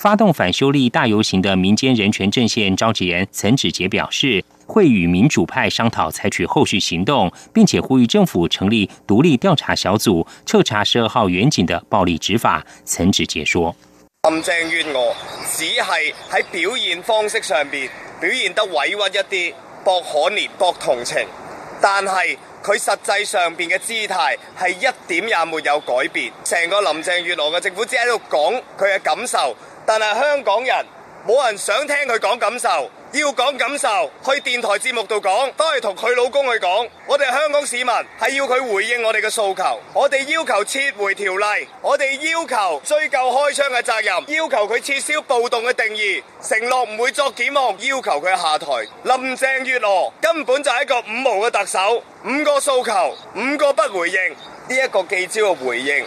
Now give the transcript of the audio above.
發動反修例大遊行的民間人權陣線召集人岑子傑表示，會與民主派商討採取後續行動，並且呼籲政府成立獨立調查小組，徹查十二號遠景的暴力執法。岑子傑說：“林鄭月娥只係喺表現方式上邊表現得委屈一啲，博可憐、博同情，但係佢實際上邊嘅姿態係一點也沒有改變。成個林鄭月娥嘅政府只喺度講佢嘅感受。”但係香港人冇人想聽佢講感受，要講感受去電台節目度講，都係同佢老公去講。我哋係香港市民，係要佢回應我哋嘅訴求。我哋要求撤回條例，我哋要求追究開槍嘅責任，要求佢撤銷暴動嘅定義，承諾唔會作檢控，要求佢下台。林鄭月娥根本就係一個五毛嘅特首，五個訴求五個不回應，呢一個記招嘅回應。